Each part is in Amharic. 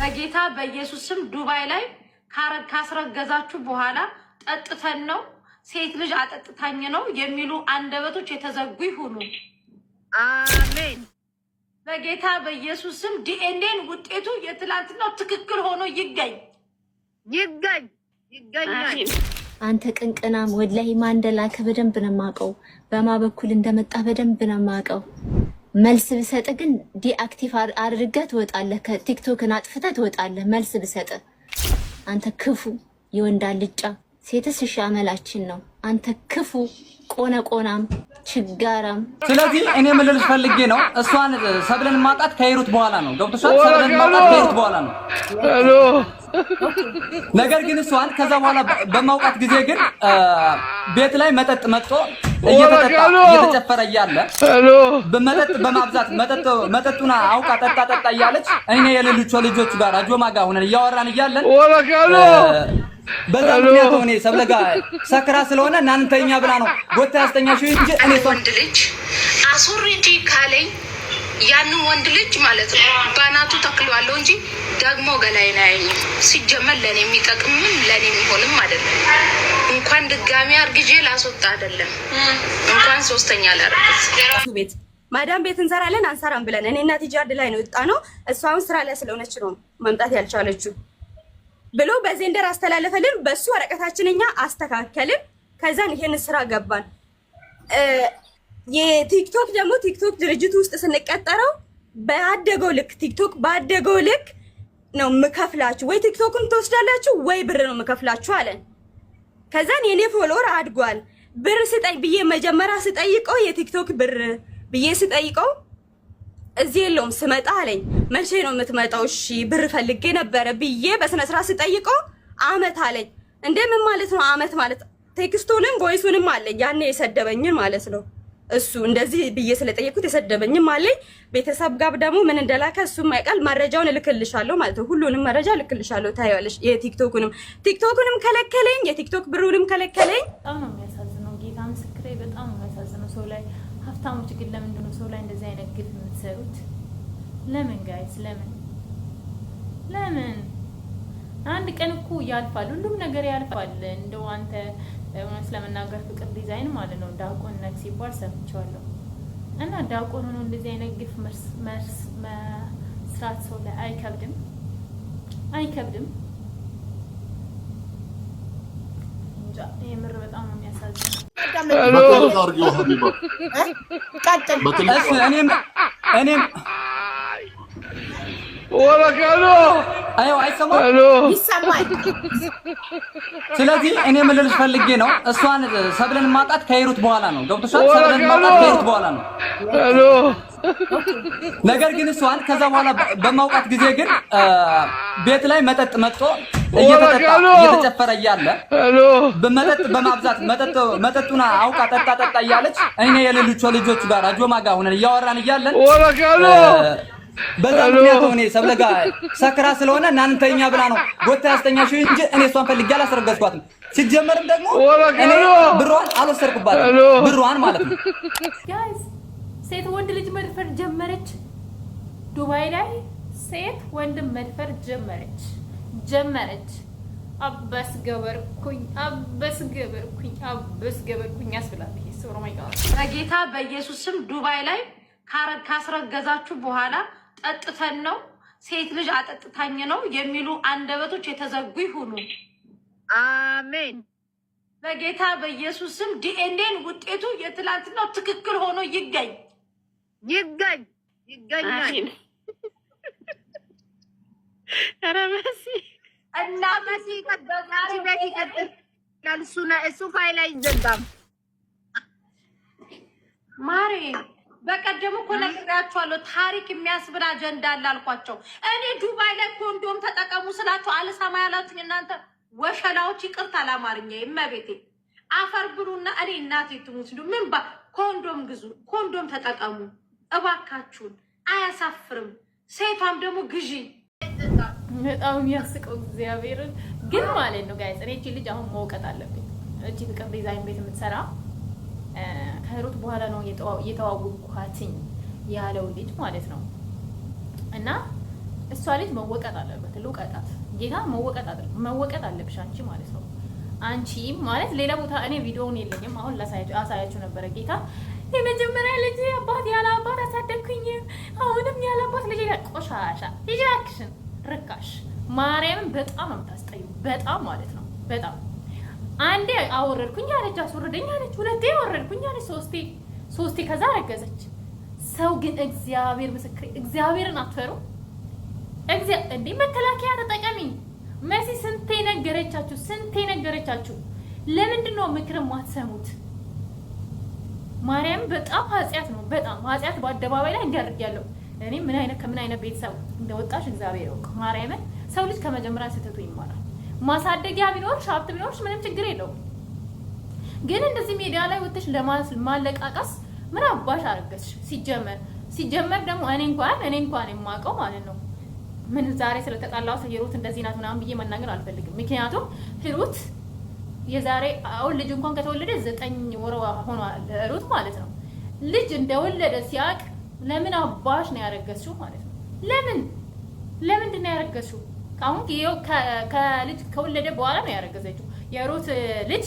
በጌታ በኢየሱስ ስም ዱባይ ላይ ካስረገዛችሁ በኋላ ጠጥተን ነው ሴት ልጅ አጠጥታኝ ነው የሚሉ አንደበቶች የተዘጉ ይሁኑ። አሜን። በጌታ በኢየሱስ ስም ዲኤንኤን ውጤቱ የትላንትናው ትክክል ሆኖ ይገኝ ይገኝ ይገኛል። አንተ ቅንቅናም ወላሂ ማን እንደላከ ነው የማውቀው። በማ በኩል እንደመጣ በደንብ ነው የማውቀው። መልስ ብሰጥ ግን ዲአክቲቭ አድርገህ ትወጣለህ። ከቲክቶክን አጥፍተህ ትወጣለህ። መልስ ብሰጥ አንተ ክፉ የወንድ አልጫ ሴትስ እሺ አመላችን ነው። አንተ ክፉ ቆነ ቆናም ችጋራም። ስለዚህ እኔ ምልልሽ ፈልጌ ነው እሷን ሰብለን ማጣት ከሂሩት በኋላ ነው። ገብቶሻል? ሰብለን ማጣት ከሂሩት በኋላ ነው። ነገር ግን እሷን ከዛ በኋላ በማውቃት ጊዜ ግን ቤት ላይ መጠጥ መጥቶ እየተጨፈረ እያለ መጠጥ በማብዛት መጠጡን አውቃ ጠጣ ጠጣ እያለች እኛ የሌሎቹ ልጆች ጋር ጆማ ጋር ሆነን እያወራን እያለን በዛ ምክንያት ሆኔ ሰብለ ሰክራ ስለሆነ እናንተኛ ብላ ነው ጎታ ያስተኛሽ እንጂ እኔ ወንድ ልጅ አሱሪ ካለኝ ያንን ወንድ ልጅ ማለት ነው በአናቱ ተክሏለሁ እንጂ ደግሞ ገላዬን አያይም። ሲጀመር ለእኔ የሚጠቅምም ለእኔ የሚሆንም አይደለም። እንኳን ድጋሚ አርግዤ ላስወጣ አይደለም እንኳን ሶስተኛ ላረግዝ ቤት ማዳም ቤት እንሰራለን አንሰራም ብለን እኔ እናት ጃርድ ላይ ነው ወጣ ነው። እሷ አሁን ስራ ላይ ስለሆነች ነው መምጣት ያልቻለችው ብሎ በዜንደር አስተላለፈልን። በሱ ወረቀታችን እኛ አስተካከልን። ከዛን ይሄን ስራ ገባን። የቲክቶክ ደግሞ ቲክቶክ ድርጅት ውስጥ ስንቀጠረው በአደገው ልክ ቲክቶክ ባደገው ልክ ነው ምከፍላችሁ። ወይ ቲክቶክን ትወስዳላችሁ ወይ ብር ነው ምከፍላችሁ አለን። ከዛን የኔ ፎሎወር አድጓል። ብር ስጠይ ብዬ መጀመሪያ ስጠይቀው የቲክቶክ ብር ብዬ ስጠይቀው እዚህ የለውም ስመጣ አለኝ። መቼ ነው የምትመጣው? እሺ ብር ፈልጌ ነበረ ብዬ በስነ ስጠይቀው አመት አለኝ። እንደምን ምን ማለት ነው አመት ማለት ቴክስቱንም ቮይሱንም አለኝ ያኔ የሰደበኝን ማለት ነው። እሱ እንደዚህ ብዬ ስለጠየቅኩት የሰደበኝም አለኝ። ቤተሰብ ጋር ደግሞ ምን እንደላከ እሱም አይቃል። መረጃውን እልክልሻለሁ ማለት ነው። ሁሉንም መረጃ እልክልሻለሁ፣ ታየዋለሽ። የቲክቶኩንም ቲክቶኩንም ከለከለኝ፣ የቲክቶክ ብሩንም ከለከለኝ። በጣም ነው የሚያሳዝነው። ጌታ ምስክሬ፣ በጣም ነው የሚያሳዝነው። ሰው ላይ ሀብታሞች ግን ለምንድን ነው ሰው ላይ እንደዚህ አይነት ግፍ የምትሰሩት? ለምን ጋይስ? ለምን ለምን? አንድ ቀን እኮ ያልፋል፣ ሁሉም ነገር ያልፋል። እንደው አንተ እውነት ለመናገር ፍቅር ዲዛይን ማለት ነው። ዲያቆንነት ሲባል ሰምቼዋለሁ እና ዳቆን ሆኖ እንደዚህ አይነት ግፍ መስራት ሰው ላይ አይከብድም? አይከብድም። እንጃ የምር በጣም ነው የሚያሳዝነው። እኔም እኔም አይው አይሰማም፣ ይሰማል። ስለዚህ እኔ ምን ፈልጌ ነው እሷን ሰብለን ማጣት ከሂሩት በኋላ ነው። ገብቶሻል? ሰብለን ማጣት ከሂሩት በኋላ ነው። ነገር ግን እሷን ከዛ በኋላ በማውቃት ጊዜ ግን ቤት ላይ መጠጥ መጥቶ እየተጠጣ እየተጨፈረ እያለ በመጠጥ በማብዛት መጠጡን አውቃ ጠጣ ጠጣ እያለች እኔ የሌሎቹ ልጆቹ ጋር ጆማ ጋር ሆነን እያወራን እያለን በዛ ምክንያት እኔ ሰብለ ሰክራ ስለሆነ እናንተኛ ብላ ነው ጎታ ያስተኛሽው እንጂ እኔ እሷን ፈልጌ አላስረገዝኳትም። ሲጀመርም ደግሞ እኔ ብሯን አልወሰድኩባትም፣ ብሯን ማለት ነው። ሴት ወንድ ልጅ መድፈር ጀመረች። ዱባይ ላይ ሴት ወንድ መድፈር ጀመረች ጀመረች። አበስ ገበርኩኝ፣ አበስ ገበርኩኝ፣ አበስ ገበርኩኝ ያስብላል። ይሄ ሰው ነው። በጌታ በኢየሱስ ስም ዱባይ ላይ ካስረገዛችሁ በኋላ ጠጥተን ነው ሴት ልጅ አጠጥታኝ ነው የሚሉ አንደበቶች የተዘጉ ይሁኑ። አሜን። በጌታ በኢየሱስ ስም ዲኤንኤን ውጤቱ የትላንትናው ትክክል ሆኖ ይገኝ ይገኝ ይገኛል። ኧረ መሲ እና መሲ እሱ ፋይል አይዘጋም ማሬ በቀደም እኮ ነግራችኋለሁ። ታሪክ የሚያስብል አጀንዳ አላልኳቸው። እኔ ዱባይ ላይ ኮንዶም ተጠቀሙ ስላቸው አልሰማ ያላችሁኝ እናንተ ወሸላዎች፣ ይቅርታ አላማርኛ የመቤቴ አፈር ብሉና እኔ እናቴ ትሙት ሲሉ ምን ባ ኮንዶም ግዙ፣ ኮንዶም ተጠቀሙ እባካችሁን፣ አያሳፍርም። ሴቷም ደግሞ ግዢ በጣም የሚያስቀው እግዚአብሔርን ግን ማለት ነው ጋይ፣ እኔ እቺ ልጅ አሁን መውቀት አለብኝ። እቺ ፍቅር ዲዛይን ቤት የምትሰራ ከሩት በኋላ ነው የተዋወቅኳትኝ ያለው ልጅ ማለት ነው። እና እሷ ልጅ መወቀጥ አለበት፣ ልውቀጣት ጌታ መወቀጥ አለብሽ አንቺ ማለት ነው። አንቺም ማለት ሌላ ቦታ እኔ ቪዲዮውን የለኝም አሁን አሳያችሁ ነበረ። ጌታ የመጀመሪያ ልጅ አባት ያለ አባት አሳደግኩኝ፣ አሁንም ያለ አባት ልጅ ቆሻሻ ልጅ እባክሽን፣ ርካሽ ማርያምን በጣም ነው የምታስጠይው፣ በጣም ማለት ነው በጣም አንዴ አወረድኩኝ አለች፣ አስወረደኝ አለች፣ ሁለቴ አወረድኩኝ አለች፣ ሶስቴ ሶስቴ ከዛ ረገዘች። ሰው ግን እግዚአብሔር ምስክሬ፣ እግዚአብሔርን አትፈሩ። እንዴ መከላከያ ተጠቀሚ። መሲ ስንቴ ነገረቻችሁ፣ ስንቴ ነገረቻችሁ። ለምንድን ነው ምክር ማትሰሙት? ማርያም በጣም ኃጢአት ነው፣ በጣም ኃጢአት። በአደባባይ ላይ እንዲያደርግ ያለው እኔ ምን አይነት ከምን አይነት ቤተሰብ እንደወጣሽ እግዚአብሔር ያውቅ። ማርያምን ሰው ልጅ ከመጀመሪያ ስህተቱ ማሳደጊያ ቢኖር ሀብት ቢኖርሽ ምንም ችግር የለውም። ግን እንደዚህ ሚዲያ ላይ ወጥተሽ ለማለቃቀስ ምን አባሽ አረገዝሽ? ሲጀመር ሲጀመር ደግሞ እኔ እንኳን እኔ እንኳን የማውቀው ማለት ነው ምን ዛሬ ስለተጣላው ሂሩት እንደዚህ ናት ምናምን ብዬ መናገር አልፈልግም። ምክንያቱም ሂሩት የዛሬ አሁን ልጅ እንኳን ከተወለደ ዘጠኝ ወር ሆኗል ሂሩት ማለት ነው። ልጅ እንደወለደ ሲያውቅ ለምን አባሽ ነው ያረገዝሽው ማለት ነው? ለምን ለምንድን ነው ያረገዝሽው? አሁን ከልጅ ከወለደ በኋላ ነው ያረገዘችው። የሩት ልጅ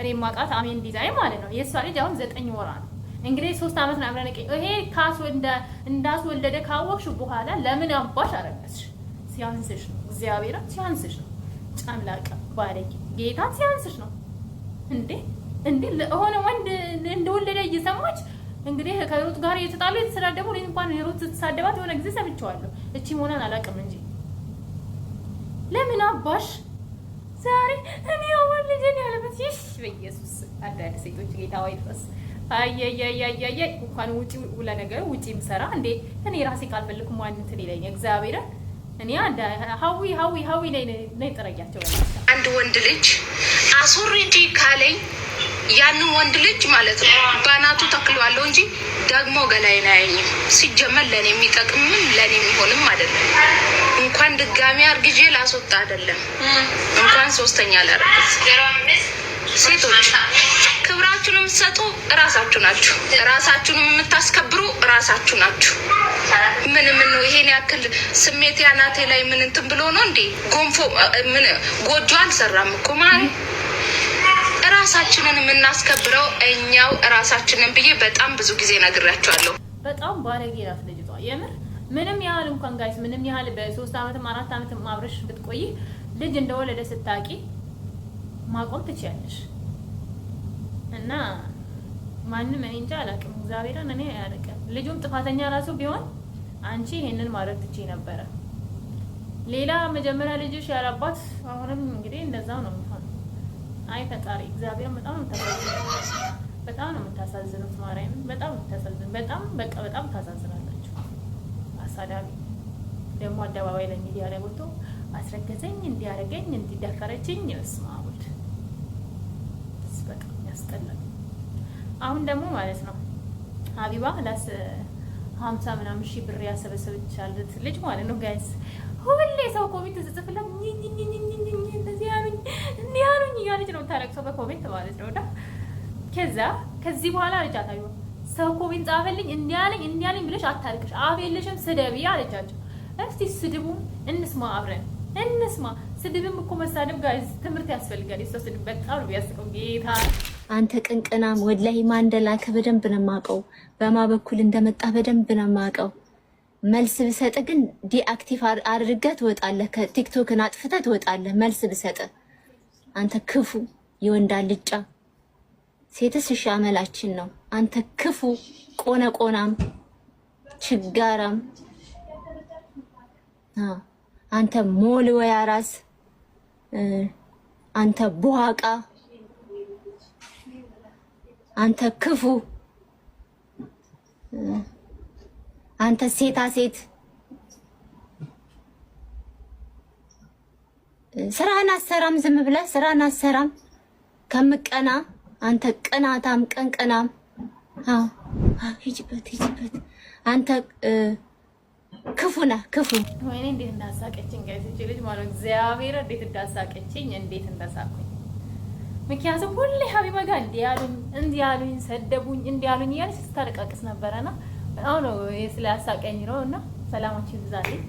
እኔ ማቃት አሜን ዲዛይን ማለት ነው። የእሷ ልጅ አሁን ዘጠኝ ወራ ነው እንግዲህ ሶስት አመት ነው አብረን ይሄ ካስ እንዳስወለደ ካወቅሽ በኋላ ለምን አባሽ አረገዝሽ? ሲያንስሽ ነው እግዚአብሔር ሲያንስሽ ነው። ጨምላቀ ባለጌ ጌታ ሲያንስሽ ነው እንዴ እንዴ ለሆነ ወንድ እንደወለደ እየሰማች እንግዲህ ከሩት ጋር እየተጣሉ የተሰዳደቡ እኔ እንኳን ሩት ስትሳደባት የሆነ ጊዜ ሰምቼዋለሁ። እቺ መሆኗን አላውቅም እንጂ ለምን አባሽ ዛሬ እኔ አሁን ልጄን ያለበት ይሽ በኢየሱስ አንዳንድ ሴቶች ጌታ ወይ ድረስ አያያያያያ እንኳን ውጪ ውለ ነገር ውጪ ምሰራ እንዴ እኔ ራሴ ካልፈልኩ ማን እንትን ይለኝ እግዚአብሔርን እኔ አንድ ሀዊ ሀዊ ሀዊ ነይ ነይ ጥረጊያቸው አንድ ወንድ ልጅ አሱር ካለኝ ያንን ወንድ ልጅ ማለት ነው በአናቱ ተክሏለሁ እንጂ ደግሞ ገላይን አያኝም። ሲጀመር ለእኔ የሚጠቅምም ለእኔ የሚሆንም አይደለም። እንኳን ድጋሚ አርግዤ ላስወጣ አይደለም እንኳን ሶስተኛ ላረግዝ። ሴቶች ክብራችሁን የምትሰጡ እራሳችሁ ናችሁ። እራሳችሁን የምታስከብሩ እራሳችሁ ናችሁ። ምን ምን ነው ይሄን ያክል ስሜት ያናቴ ላይ ምን እንትን ብሎ ነው እንዴ? ጎንፎ ምን ጎጆ አልሰራም እኮ ማን ራሳችንን የምናስከብረው እኛው ራሳችንን ብዬ በጣም ብዙ ጊዜ ነግራቸዋለሁ። በጣም ባለጌ ናት ልጅቷ የምር ምንም ያህል እንኳን ጋይስ ምንም ያህል በሶስት አመትም አራት አመትም አብረሽ ብትቆይ ልጅ እንደወለደ ስታቂ ማቆም ትችያለሽ። እና ማንም እኔ እንጃ አላውቅም፣ እግዚአብሔርን እኔ አላውቅም። ልጁም ጥፋተኛ ራሱ ቢሆን አንቺ ይሄንን ማድረግ ትችይ ነበረ። ሌላ መጀመሪያ ልጅሽ ያላባት አሁንም እንግዲህ እንደዛው ነው። አይ ፈጣሪ እግዚአብሔር በጣም በጣም ነው የምታሳዝኑት። ማርያምን በጣም የምታሳዝኑ በጣም በቃ በጣም ታሳዝናላችሁ። አሳዳቢ ደግሞ አደባባይ ላይ ሚዲያ ላይ ወጥቶ አስረገዘኝ፣ እንዲያረገኝ፣ እንዲደፈረችኝ ይስማ አቡድ በቃ ያስጠላል። አሁን ደግሞ ማለት ነው ሀቢባ ላስ ሀምሳ ምናምን ሺህ ብር ያሰበሰበች አለት ልጅ ማለት ነው ጋይስ ሁሌ ሰው ኮሚት ዝጽፍላት ኮሜንት ነው የምታለቅሰው፣ በኮሜንት ማለት ነው። እና ከዛ ከዚህ በኋላ አለቻት አዩ ሰው ኮሜንት ጻፈልኝ እንዲያለኝ እንዲያለኝ ብለሽ አታልቅሽ፣ አፍ የለሽም ስደቢ አለቻቸው። እስቲ ስድቡ እንስማ፣ አብረን እንስማ። ስድብም እኮ መሳደብ ጋር ትምህርት ያስፈልጋል። የሰው ስድብ በጣም ነው ያስቀው ጌታ አንተ ቅንቅናም ወላሂ ማን እንደላከ በደንብ ነው የማውቀው። በማ በኩል እንደመጣ በደንብ ነው የማውቀው። መልስ ብሰጥ ግን ዲአክቲቭ አድርገህ ትወጣለህ። ከቲክቶክን አጥፍተህ ትወጣለህ መልስ ብሰጥ አንተ ክፉ የወንድ አልጫ፣ ሴትስ እሺ አመላችን ነው። አንተ ክፉ ቆነ ቆናም ችጋራም፣ አንተ ሞል ወያ ራስ፣ አንተ ቡሃቃ፣ አንተ ክፉ፣ አንተ ሴታ ሴት ስራህን አሰራም፣ ዝም ብለህ ስራህን አሰራም። ከምቀና አንተ ቅናታም ቀንቅናም። ሂጅበት፣ ሂጅበት። አንተ ክፉ ነህ፣ ክፉ ወይኔ! እንዴት እንዳሳቀችኝ ጋይሶች፣ ልጅ ማለ እግዚአብሔር እንዴት እንዳሳቀችኝ፣ እንዴት እንዳሳቁኝ። ምክንያቱም ሁሌ ሀቢባ ጋር እንዲህ ያሉኝ፣ እንዲህ ያሉኝ፣ ሰደቡኝ፣ እንዲህ ያሉኝ እያለች ስታለቃቅስ ነበረና አሁ ነው ስለ ስላሳቀኝ ነው። እና ሰላማችሁ ይብዛልኝ።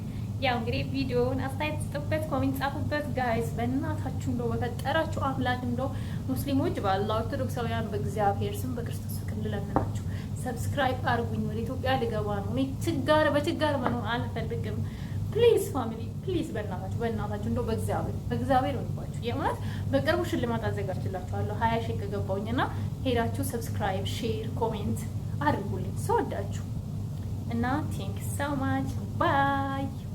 ያው እንግዲህ ቪዲዮውን አስተያየት ስጡበት፣ ኮሜንት ጻፉበት። ጋይስ በእናታችሁ እንደው በፈጠራችሁ አምላክ እንደው ሙስሊሞች ባላ ኦርቶዶክሳውያን በእግዚአብሔር ስም በክርስቶስ ፍቅር ልለምናችሁ ሰብስክራይብ አርጉኝ። ወደ ኢትዮጵያ ልገባ ነው እኔ ችጋር በችጋር መኖር አልፈልግም። ፕሊዝ ፋሚሊ ፕሊዝ፣ በእናታችሁ በእናታችሁ እንደው በእግዚአብሔር በእግዚአብሔር ሆንባችሁ የእውነት በቅርቡ ሽልማት አዘጋጅላችኋለሁ። ሀያ ሺህ ከገባሁኝና ሄዳችሁ ሰብስክራይብ፣ ሼር፣ ኮሜንት አድርጉልኝ። ሰወዳችሁ እና ቴንክ ሶ ማች ባይ